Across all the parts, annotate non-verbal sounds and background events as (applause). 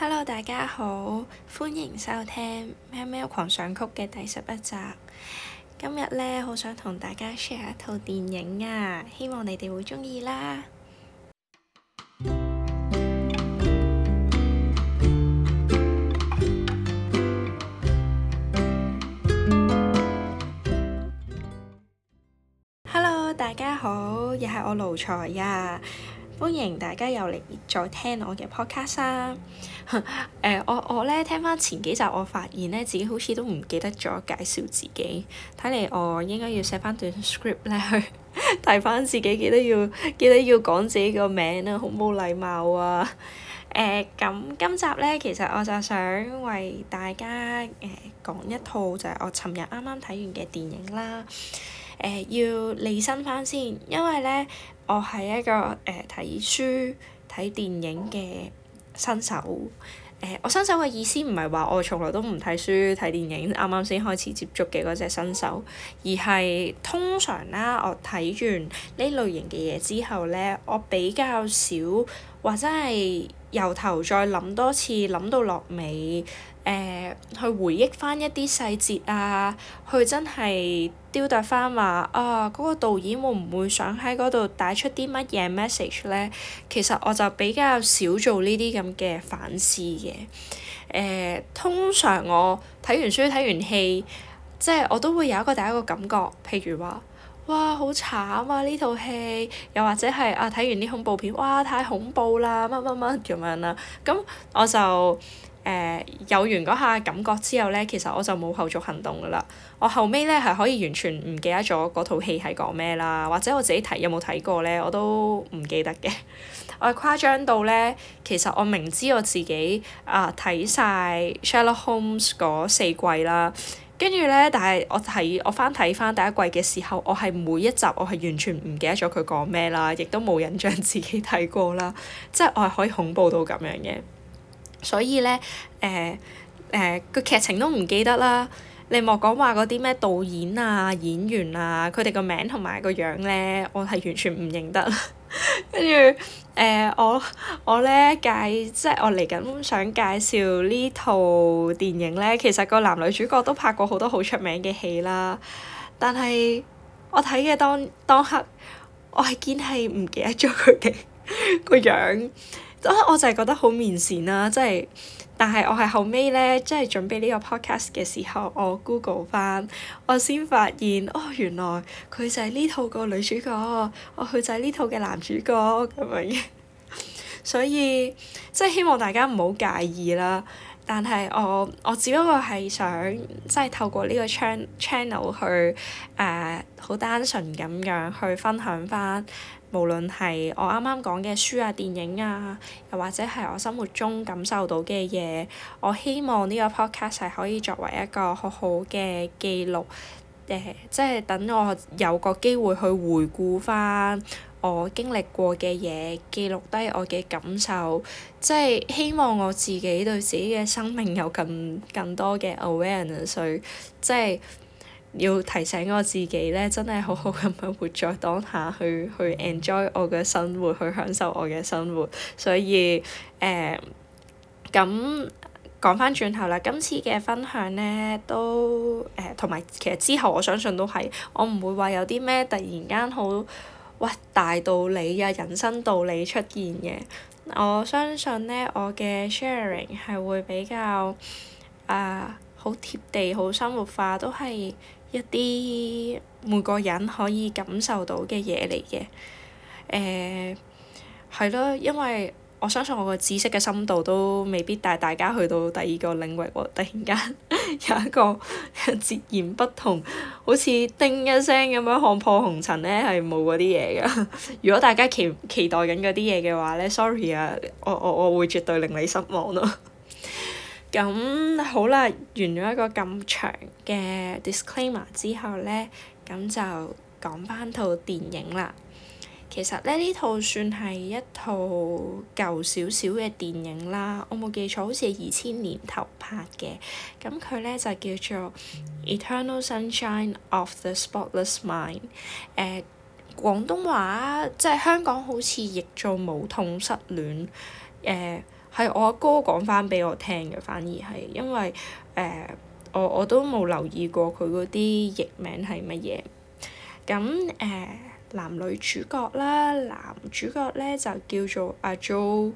Hello，大家好，歡迎收聽《喵喵狂想曲》嘅第十一集。今日呢，好想同大家 share 一套電影啊，希望你哋會鍾意啦。Hello，大家好，又係我奴才呀、啊。歡迎大家又嚟再聽我嘅 podcast、啊 (laughs) 呃、我我咧聽翻前幾集，我發現咧自己好似都唔記得咗介紹自己，睇嚟我應該要寫翻段 script 咧去提 (laughs) 翻自己，記得要記得要講自己個名啦、啊，好冇禮貌啊！誒、 (laughs) 呃，咁今集咧，其實我就想為大家誒講、呃、一套，就係我尋日啱啱睇完嘅電影啦。呃、要理身翻先，因為呢，我係一個誒睇、呃、書睇電影嘅新手、呃。我新手嘅意思唔係話我從來都唔睇書睇電影，啱啱先開始接觸嘅嗰隻新手，而係通常啦，我睇完呢類型嘅嘢之後呢，我比較少或者係由頭再諗多次，諗到落尾。誒，去回憶翻一啲細節啊，去真係雕琢翻話啊，嗰個導演會唔會想喺嗰度帶出啲乜嘢 message 咧？其實我就比較少做呢啲咁嘅反思嘅。誒，通常我睇完書睇完戲，即係我都會有一個第一個感覺，譬如話，哇，好慘啊！呢套戲，又或者係啊，睇完啲恐怖片，哇，太恐怖啦，乜乜乜咁樣啦，咁我就～誒、呃、有完嗰下感覺之後呢，其實我就冇後續行動噶啦。我後尾呢，係可以完全唔記得咗嗰套戲係講咩啦，或者我自己睇有冇睇過呢，我都唔記得嘅。 (laughs) 我係誇張到呢，其實我明知我自己啊睇晒呃、《Sherlock Holmes》嗰四季啦，跟住呢，但係我睇我翻睇翻第一季嘅時候，我係每一集我係完全唔記得咗佢講咩啦，亦都冇印象自己睇過啦，即係我係可以恐怖到咁樣嘅。所以咧，誒、呃、誒、呃、個劇情都唔記得啦。你莫講話嗰啲咩導演啊、演員啊，佢哋個名同埋個樣咧，我係完全唔認得。跟住誒，我我咧介，即係我嚟緊想介紹呢套電影咧。其實個男女主角都拍過好多好出名嘅戲啦。但係我睇嘅當當刻，我係堅係唔記得咗佢哋個樣。我就係覺得好面善啦、啊，即係，但係我係後尾咧，即係準備呢個 podcast 嘅時候，我 Google 翻，我先發現，哦，原來佢就係呢套個女主角，哦，佢就係呢套嘅男主角咁樣嘅，是是 (laughs) 所以即係希望大家唔好介意啦。但係我我只不過係想，即係透過呢個 channel channel 去誒，好、呃、單純咁樣去分享翻。無論係我啱啱講嘅書啊、電影啊，又或者係我生活中感受到嘅嘢，我希望呢個 podcast 係可以作為一個好好嘅記錄，誒、呃，即係等我有個機會去回顧返我經歷過嘅嘢，記錄低我嘅感受，即係希望我自己對自己嘅生命有更更多嘅 awareness，所以即係。要提醒我自己咧，真係好好咁樣活在當下，去去 enjoy 我嘅生活，去享受我嘅生活。所以誒，咁講返轉頭啦，今次嘅分享呢，都誒，同、呃、埋其實之後我相信都係，我唔會話有啲咩突然間好喂大道理啊、人生道理出現嘅。我相信呢，我嘅 sharing 係會比較啊、好、呃、貼地、好生活化，都係。一啲每個人可以感受到嘅嘢嚟嘅。誒、呃，係咯，因為我相信我個知識嘅深度都未必帶大家去到第二個領域喎，突然間有一個截然不同，好似叮一聲咁樣看破紅塵咧，係冇嗰啲嘢㗎。如果大家期期待緊嗰啲嘢嘅話咧，sorry 啊，我我我會絕對令你失望咯。咁好啦，完咗一個咁長嘅 disclaimer 之後咧，咁就講翻套電影啦。其實咧，呢套算係一套舊少少嘅電影啦。我冇記錯，好似係二千年頭拍嘅。咁佢咧就叫做《Eternal Sunshine of the Spotless Mind》呃。誒，廣東話即係香港好似譯做無痛失戀。誒、呃。係我阿哥講翻俾我聽嘅，反而係因為誒、呃，我我都冇留意過佢嗰啲譯名係乜嘢。咁誒、呃，男女主角啦，男主角咧就叫做阿 Joe，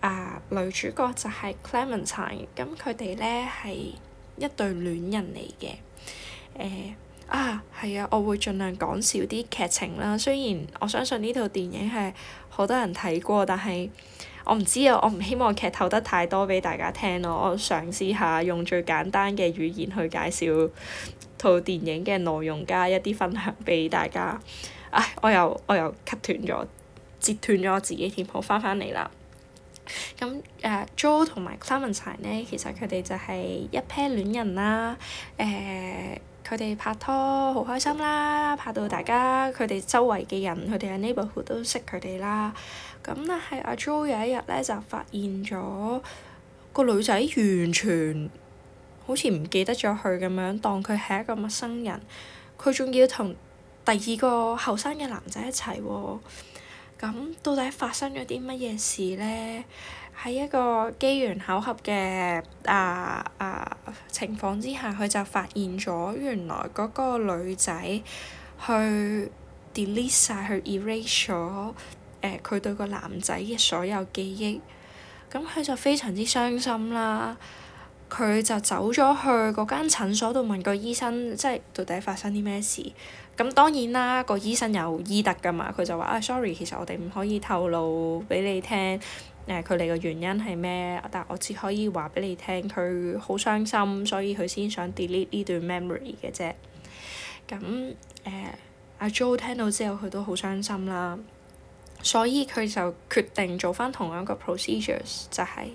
啊，啊女主角就係 Clementine 咁佢哋咧係一對戀人嚟嘅。誒、呃、啊，係啊，我會盡量講少啲劇情啦。雖然我相信呢套電影係好多人睇過，但係。我唔知啊，我唔希望劇透得太多俾大家聽咯。我嘗試下用最簡單嘅語言去介紹套電影嘅內容加一啲分享俾大家。唉，我又我又 cut 斷咗，截斷咗我自己添，好，翻返嚟啦。咁誒，Joel 同埋 Clementine 呢，其實佢哋就係一 pair 戀人啦。誒、呃，佢哋拍拖好開心啦，拍到大家佢哋周圍嘅人，佢哋嘅 neighborhood 都識佢哋啦。咁但係阿 Jo 有一日咧就發現咗個女仔完全好似唔記得咗佢咁樣，當佢係一個陌生人，佢仲要同第二個後生嘅男仔一齊喎、哦。咁到底發生咗啲乜嘢事呢？喺一個機緣巧合嘅啊啊情況之下，佢就發現咗原來嗰個女仔去 delete 曬、er，去 erase 咗。誒，佢、呃、對個男仔嘅所有記憶，咁佢就非常之傷心啦。佢就走咗去嗰間診所度問個醫生，即係到底發生啲咩事。咁當然啦，個醫生有醫德噶嘛，佢就話啊，sorry，其實我哋唔可以透露俾你聽誒，佢哋嘅原因係咩？但我只可以話俾你聽，佢好傷心，所以佢先想 delete 呢段 memory 嘅啫。咁誒，阿、呃啊、Jo 聽到之後，佢都好傷心啦。所以佢就決定做翻同樣一個 procedures，就係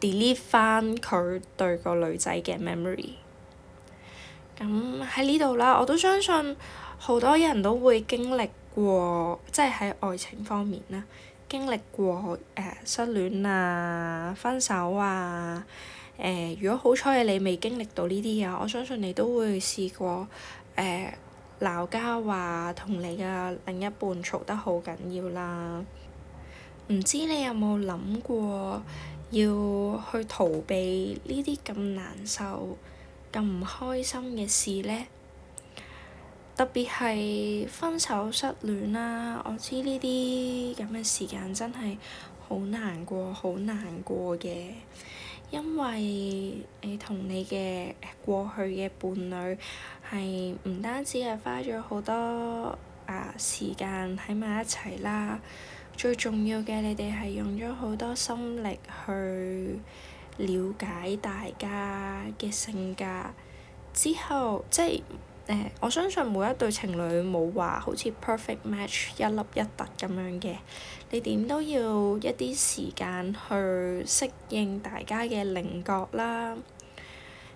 delete 翻佢對個女仔嘅 memory。咁喺呢度啦，我都相信好多人都會經歷過，即係喺愛情方面啦，經歷過誒、呃、失戀啊、分手啊。誒、呃，如果好彩你未經歷到呢啲嘅，我相信你都會試過誒。呃鬧交話同你嘅另一半嘈得好緊要啦，唔知你有冇諗過要去逃避呢啲咁難受、咁唔開心嘅事呢？特別係分手失戀啦，啊，我知呢啲咁嘅時間真係好難過，好難過嘅。因為你同你嘅過去嘅伴侶係唔單止係花咗好多啊時間喺埋一齊啦，最重要嘅你哋係用咗好多心力去了解大家嘅性格，之後即係。呃、我相信每一對情侶冇話好似 perfect match 一粒一突咁樣嘅，你點都要一啲時間去適應大家嘅靈覺啦。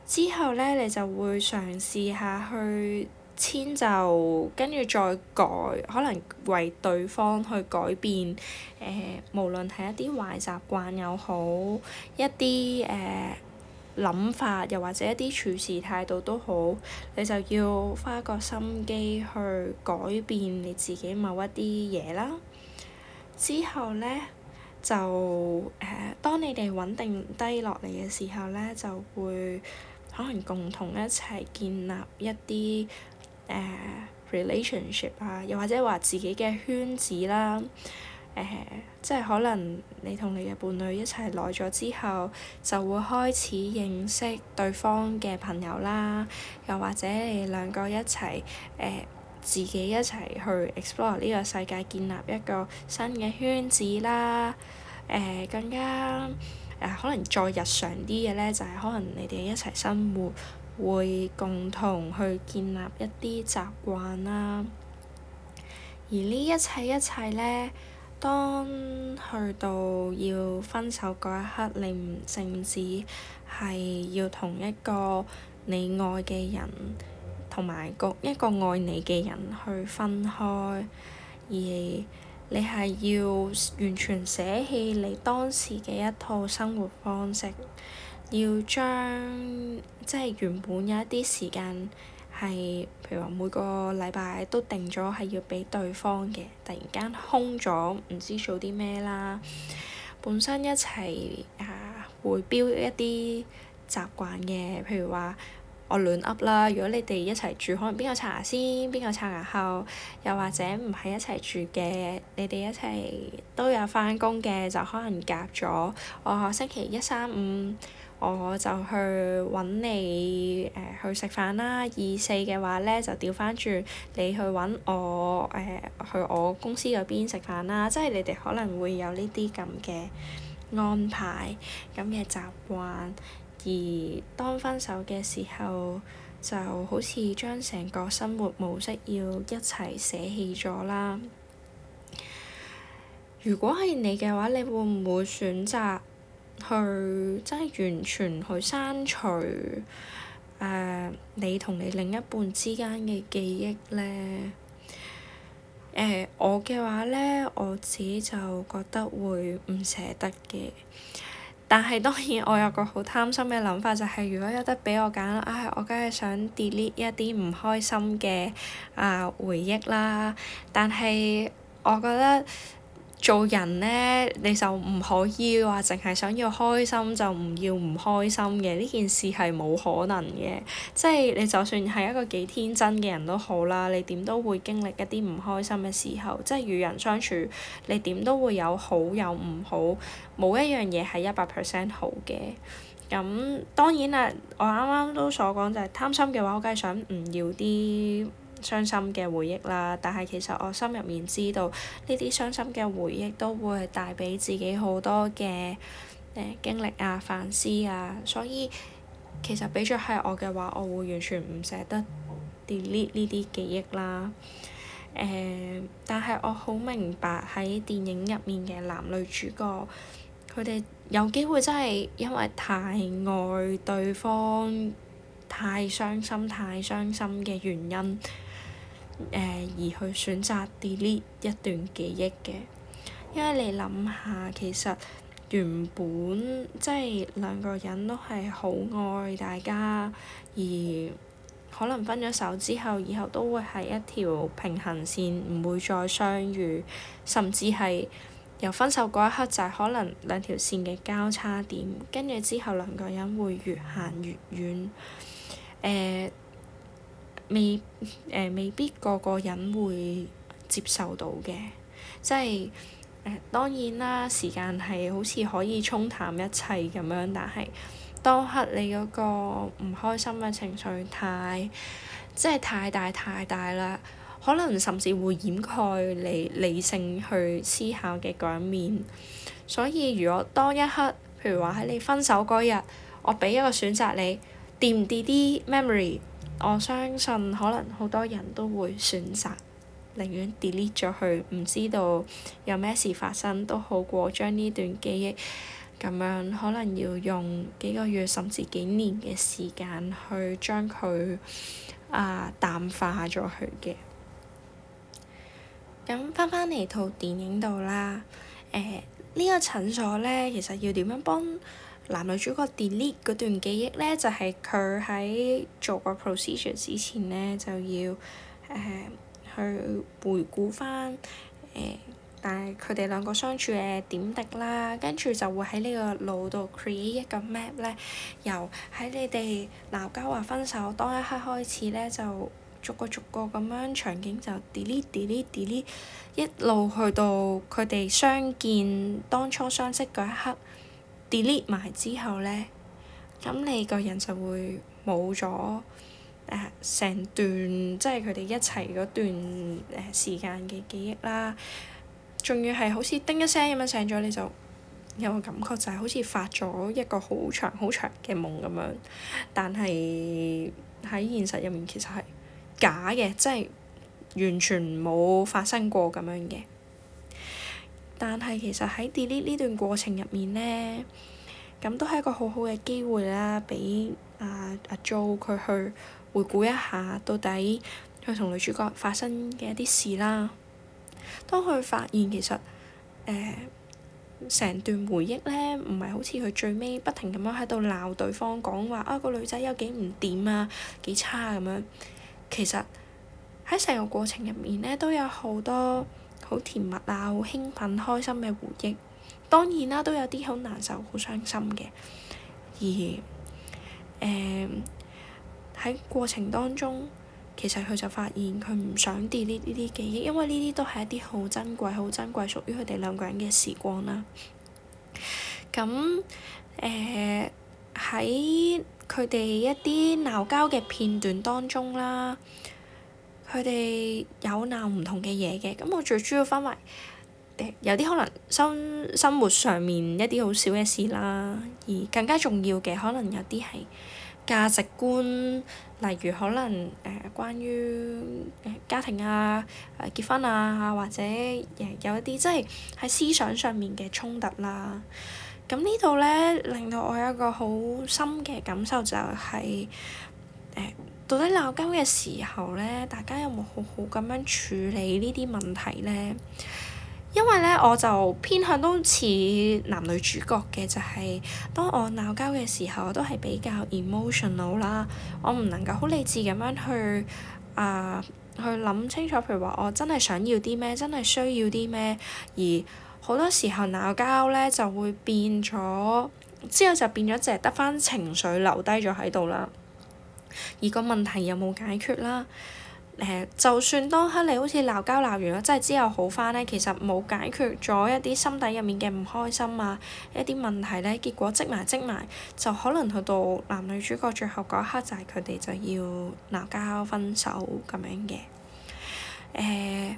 之後呢，你就會嘗試下去遷就，跟住再改，可能為對方去改變。誒、呃，無論係一啲壞習慣又好，一啲諗法，又或者一啲處事態度都好，你就要花個心機去改變你自己某一啲嘢啦。之後咧，就誒、呃，當你哋穩定低落嚟嘅時候咧，就會可能共同一齊建立一啲誒、呃、relationship 啊，又或者話自己嘅圈子啦。呃、即係可能你同你嘅伴侶一齊耐咗之後，就會開始認識對方嘅朋友啦。又或者你哋兩個一齊、呃、自己一齊去 explore 呢個世界，建立一個新嘅圈子啦。呃、更加、呃、可能再日常啲嘅呢，就係可能你哋一齊生活，會共同去建立一啲習慣啦。而呢一切一切呢，當去到要分手嗰一刻，你唔淨止係要同一個你愛嘅人，同埋個一個愛你嘅人去分開，而你係要完全捨棄你當時嘅一套生活方式，要將即係原本有一啲時間。係，譬如話每個禮拜都定咗係要俾對方嘅，突然間空咗，唔知做啲咩啦。本身一齊啊，會 build 一啲習慣嘅，譬如話我亂噏啦。如果你哋一齊住，可能邊個刷牙先，邊個刷牙後。又或者唔係一齊住嘅，你哋一齊都有返工嘅，就可能夾咗。我星期一三五。我就去揾你、呃、去食飯啦。二四嘅話呢，就調翻轉你去揾我、呃、去我公司嗰邊食飯啦。即係你哋可能會有呢啲咁嘅安排咁嘅習慣。而當分手嘅時候，就好似將成個生活模式要一齊捨棄咗啦。如果係你嘅話，你會唔會選擇？去真係完全去刪除誒、呃、你同你另一半之間嘅記憶咧。誒、呃，我嘅話咧，我自己就覺得會唔捨得嘅。但係當然，我有個好貪心嘅諗法，就係、是、如果有得俾我揀啦，唉、哎，我梗係想 delete 一啲唔開心嘅啊、呃、回憶啦。但係我覺得。做人呢，你就唔可以話淨係想要開心就唔要唔開心嘅，呢件事係冇可能嘅。即係你就算係一個幾天真嘅人都好啦，你點都會經歷一啲唔開心嘅時候。即係與人相處，你點都會有好有唔好，冇一樣嘢係一百 percent 好嘅。咁當然啦，我啱啱都所講就係貪心嘅話，我梗係想唔要啲。傷心嘅回憶啦，但係其實我心入面知道，呢啲傷心嘅回憶都會係帶俾自己好多嘅誒、呃、經歷啊、反思啊，所以其實俾咗係我嘅話，我會完全唔捨得 delete 呢啲記憶啦。呃、但係我好明白喺電影入面嘅男女主角，佢哋有機會真係因為太愛對方、太傷心、太傷心嘅原因。而去選擇 delete 一段記憶嘅，因為你諗下，其實原本即係兩個人都係好愛大家，而可能分咗手之後，以後都會係一條平行線，唔會再相遇，甚至係由分手嗰一刻就係可能兩條線嘅交叉點，跟住之後兩個人會越行越遠，呃未誒、呃，未必個個人會接受到嘅，即係誒、呃、當然啦，時間係好似可以沖淡一切咁樣，但係當刻你嗰個唔開心嘅情緒太，即係太大太大啦，可能甚至會掩蓋你理性去思考嘅嗰一面。所以，如果當一刻，譬如話喺你分手嗰日，我俾一個選擇你，掂唔掂啲 memory？行我相信可能好多人都會選擇寧願 delete 咗佢，唔知道有咩事發生都好過將呢段記憶，咁樣可能要用幾個月甚至幾年嘅時間去將佢啊淡化咗佢嘅。咁翻返嚟套電影度啦，誒、呃、這個、呢個診所咧，其實要點樣幫。男女主角 delete 嗰段記憶咧，就係佢喺做個 procedure 之前咧，就要誒、呃、去回顧翻誒，但係佢哋兩個相處嘅點滴啦，跟住就會喺呢個腦度 create 一個 map 咧，由喺你哋鬧交話分手當一刻開始咧，就逐個逐個咁樣場景就 delete delete delete，一路去到佢哋相見當初相識嗰一刻。delete 埋之後呢，咁你個人就會冇咗成段，即係佢哋一齊嗰段誒、呃、時間嘅記憶啦。仲要係好似叮一聲咁樣醒咗，你就有個感覺就係好似發咗一個好長好長嘅夢咁樣，但係喺現實入面其實係假嘅，即係完全冇發生過咁樣嘅。但係其實喺 delete 呢段過程入面呢，咁都係一個好好嘅機會啦，俾阿、啊、啊 Joe 佢去回顧一下，到底佢同女主角發生嘅一啲事啦。當佢發現其實呃、成段回憶呢，唔係好似佢最尾不停咁樣喺度鬧對方，講話啊個女仔有幾唔掂啊，幾、啊、差咁、啊、樣。其實喺成個過程入面呢，都有好多。好甜蜜啊，好興奮、開心嘅回憶。當然啦，都有啲好難受、好傷心嘅。而，誒、呃，喺過程當中，其實佢就發現佢唔想跌 e 呢啲記憶，因為呢啲都係一啲好珍貴、好珍貴屬於佢哋兩個人嘅時光啦。咁、嗯，誒、呃，喺佢哋一啲鬧交嘅片段當中啦，佢哋有鬧唔同嘅嘢嘅，咁我最主要分為有啲可能生生活上面一啲好小嘅事啦，而更加重要嘅可能有啲係價值觀，例如可能誒、呃、關於誒家庭啊、誒、呃、結婚啊或者誒有一啲即係喺思想上面嘅衝突啦。咁呢度咧，令到我有一個好深嘅感受就係、是、誒。呃到底鬧交嘅時候咧，大家有冇好好咁樣處理呢啲問題咧？因為咧，我就偏向都似男女主角嘅，就係當我鬧交嘅時候，我都係比較 emotional 啦。我唔能夠好理智咁樣去啊、呃，去諗清楚，譬如話我真係想要啲咩，真係需要啲咩，而好多時候鬧交咧就會變咗，之後就變咗，淨係得返情緒留低咗喺度啦。而個問題有冇解決啦？誒、呃，就算當刻你好似鬧交鬧完咗，即係之後好翻呢，其實冇解決咗一啲心底入面嘅唔開心啊，一啲問題呢，結果積埋積埋，就可能去到男女主角最後嗰一刻，就係佢哋就要鬧交分手咁樣嘅誒。呃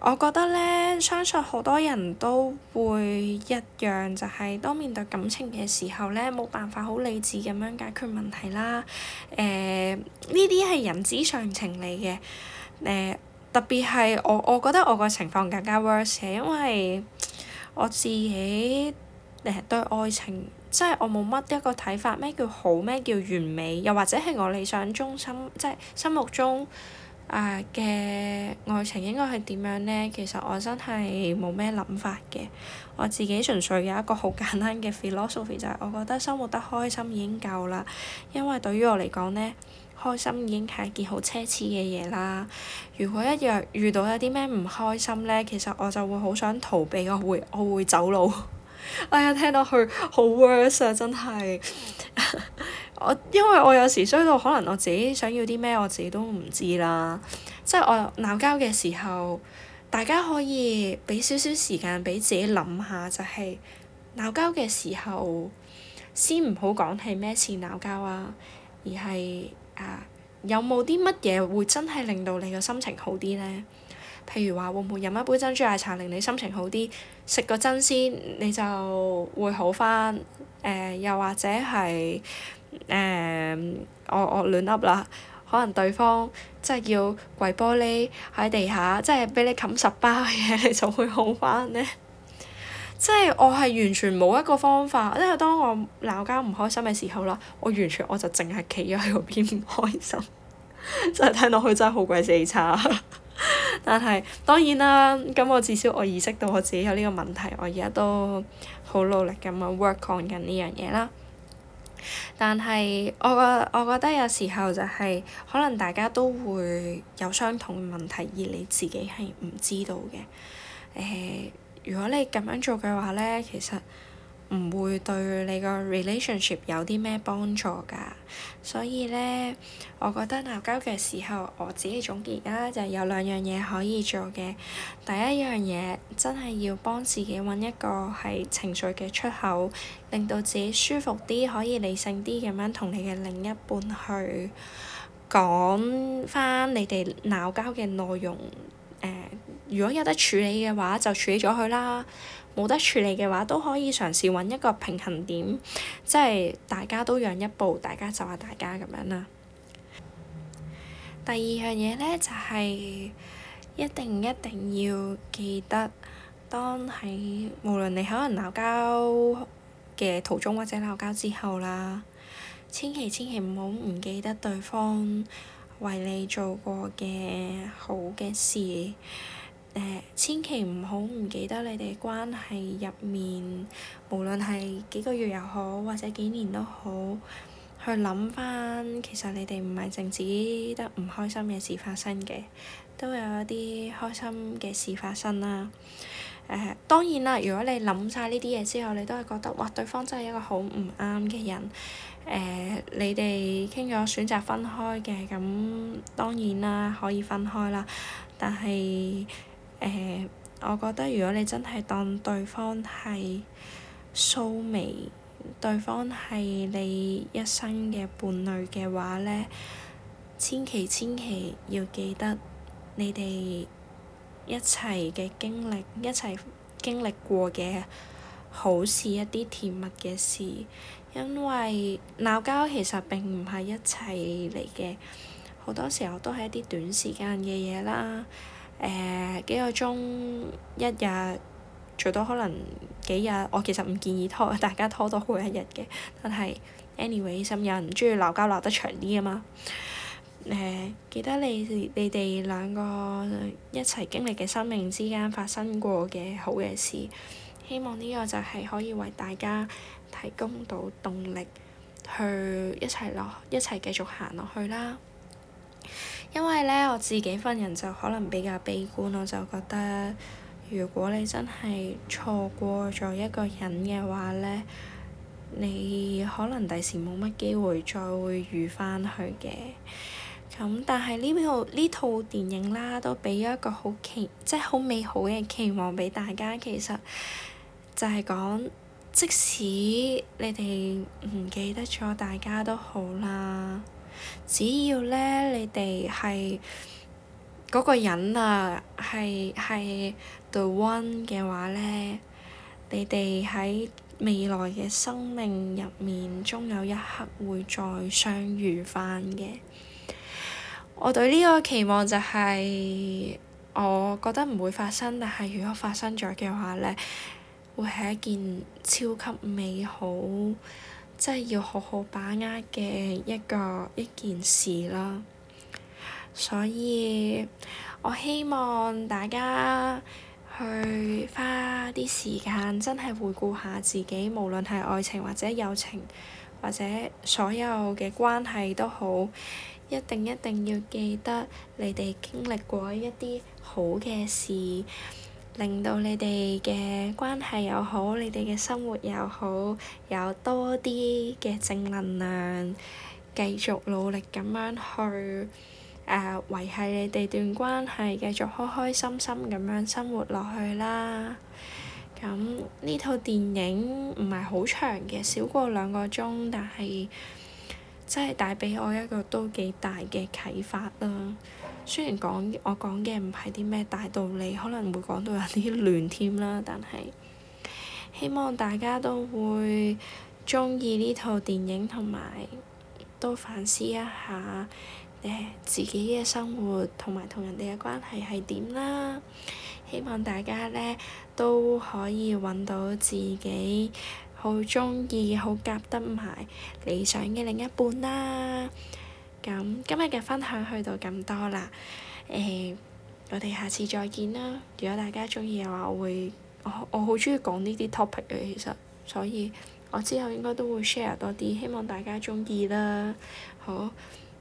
我覺得咧，相信好多人都會一樣，就係當面對感情嘅時候咧，冇辦法好理智咁樣解決問題啦。誒，呢啲係人之常情嚟嘅。誒，特別係我，我覺得我個情況更加 worse，因為我自己誒對愛情，即係我冇乜一個睇法，咩叫好，咩叫完美，又或者係我理想中心，即係心目中。嘅、uh, 愛情應該係點樣呢？其實我真係冇咩諗法嘅。我自己純粹有一個好簡單嘅 philosophy，就係我覺得生活得開心已經夠啦。因為對於我嚟講呢，開心已經係一件好奢侈嘅嘢啦。如果一樣遇到有啲咩唔開心呢，其實我就會好想逃避，我會我會走佬， (laughs) 哎呀，聽落去好 worse 啊！真係。 (laughs) 我因為我有時衰到，可能我自己想要啲咩，我自己都唔知啦。即係我鬧交嘅時候，大家可以俾少少時間俾自己諗下，就係鬧交嘅時候，先唔好講係咩事鬧交啊，而係啊有冇啲乜嘢會真係令到你嘅心情好啲呢？譬如話會唔會飲一杯珍珠奶茶令你心情好啲？食個真鮮，你就會好返。誒、呃，又或者係。誒、uh，我我亂噏啦，可能對方即係要跪玻璃喺地下，即係俾你冚十包嘢，你就會好翻呢，即係 (laughs) 我係完全冇一個方法，因為當我鬧交唔開心嘅時候啦，我完全我就淨係企咗喺嗰邊唔開心， (laughs) 真係聽落去真係好鬼死差。 (laughs) 但係當然啦，咁我至少我意識到我自己有呢個問題，我而家都好努力咁樣 work on 緊呢樣嘢啦。但係我覺，我覺得有時候就係可能大家都會有相同嘅問題，而你自己係唔知道嘅。呃，如果你咁樣做嘅話呢，其實～唔會對你個 relationship 有啲咩幫助㗎，所以呢，我覺得鬧交嘅時候，我自己總結啦、啊，就有兩樣嘢可以做嘅。第一樣嘢真係要幫自己揾一個係情緒嘅出口，令到自己舒服啲，可以理性啲咁樣同你嘅另一半去講翻你哋鬧交嘅內容。呃，如果有得處理嘅話，就處理咗佢啦。冇得處理嘅話，都可以嘗試揾一個平衡點，即係大家都讓一步，大家就下大家咁樣啦。第二樣嘢呢，就係、是、一定一定要記得，當喺無論你可能鬧交嘅途中或者鬧交之後啦，千祈千祈唔好唔記得對方為你做過嘅好嘅事。誒、呃，千祈唔好唔記得你哋關係入面，無論係幾個月又好，或者幾年都好，去諗返，其實你哋唔係淨止得唔開心嘅事發生嘅，都有一啲開心嘅事發生啦。誒、呃，當然啦，如果你諗晒呢啲嘢之後，你都係覺得，哇，對方真係一個好唔啱嘅人。誒、呃，你哋傾咗選擇分開嘅，咁當然啦，可以分開啦，但係。誒、呃，我覺得如果你真係當對方係 soulmate，對方係你一生嘅伴侶嘅話咧，千祈千祈要記得你哋一齊嘅經歷，一齊經歷過嘅好似一啲甜蜜嘅事，因為鬧交其實並唔係一切嚟嘅，好多時候都係一啲短時間嘅嘢啦。誒、uh，幾個鐘一日，最多可能幾日。我其實唔建議拖，大家拖多好一日嘅。但係，anyway，心有人鍾意鬧交鬧得長啲啊嘛。誒、uh，記得你你哋兩個一齊經歷嘅生命之間發生過嘅好嘅事，希望呢個就係可以為大家提供到動力，去一齊落，一齊繼續行落去啦。因為咧，我自己份人就可能比較悲觀，我就覺得如果你真係錯過咗一個人嘅話咧，你可能第時冇乜機會再會遇翻佢嘅。咁但係呢套呢套電影啦，都俾咗一個好期，即係好美好嘅期望俾大家。其實就係講，即使你哋唔記得咗，大家都好啦。只要咧，你哋係嗰個人啊，係係 the one 嘅話咧，你哋喺未來嘅生命入面，終有一刻會再相遇翻嘅。我對呢個期望就係，我覺得唔會發生，但係如果發生咗嘅話咧，會係一件超級美好，真係要好好把握嘅一個一件事啦，所以我希望大家去花啲時間，真係回顧下自己，無論係愛情或者友情，或者所有嘅關係都好，一定一定要記得你哋經歷過一啲好嘅事，令到你哋嘅關係又好，你哋嘅生活又好，有多啲嘅正能量，繼續努力咁樣去誒維繫你哋段關係，繼續開開心心咁樣生活落去啦。咁呢套電影唔係好長嘅，少過兩個鐘，但係真係帶畀我一個都幾大嘅啟發啦。雖然講我講嘅唔係啲咩大道理，可能會講到有啲亂添啦，但係希望大家都會鍾意呢套電影，同埋多反思一下誒自己嘅生活同埋同人哋嘅關係係點啦。希望大家咧都可以揾到自己好鍾意、好夾得埋理想嘅另一半啦～咁今日嘅分享去到咁多啦，誒、呃，我哋下次再見啦。如果大家鍾意嘅話，我會我我好鍾意講呢啲 topic 嘅，其實，所以我之後應該都會 share 多啲，希望大家鍾意啦。好，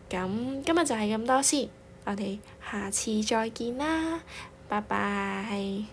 咁今日就係咁多先，我哋下次再見啦，拜拜。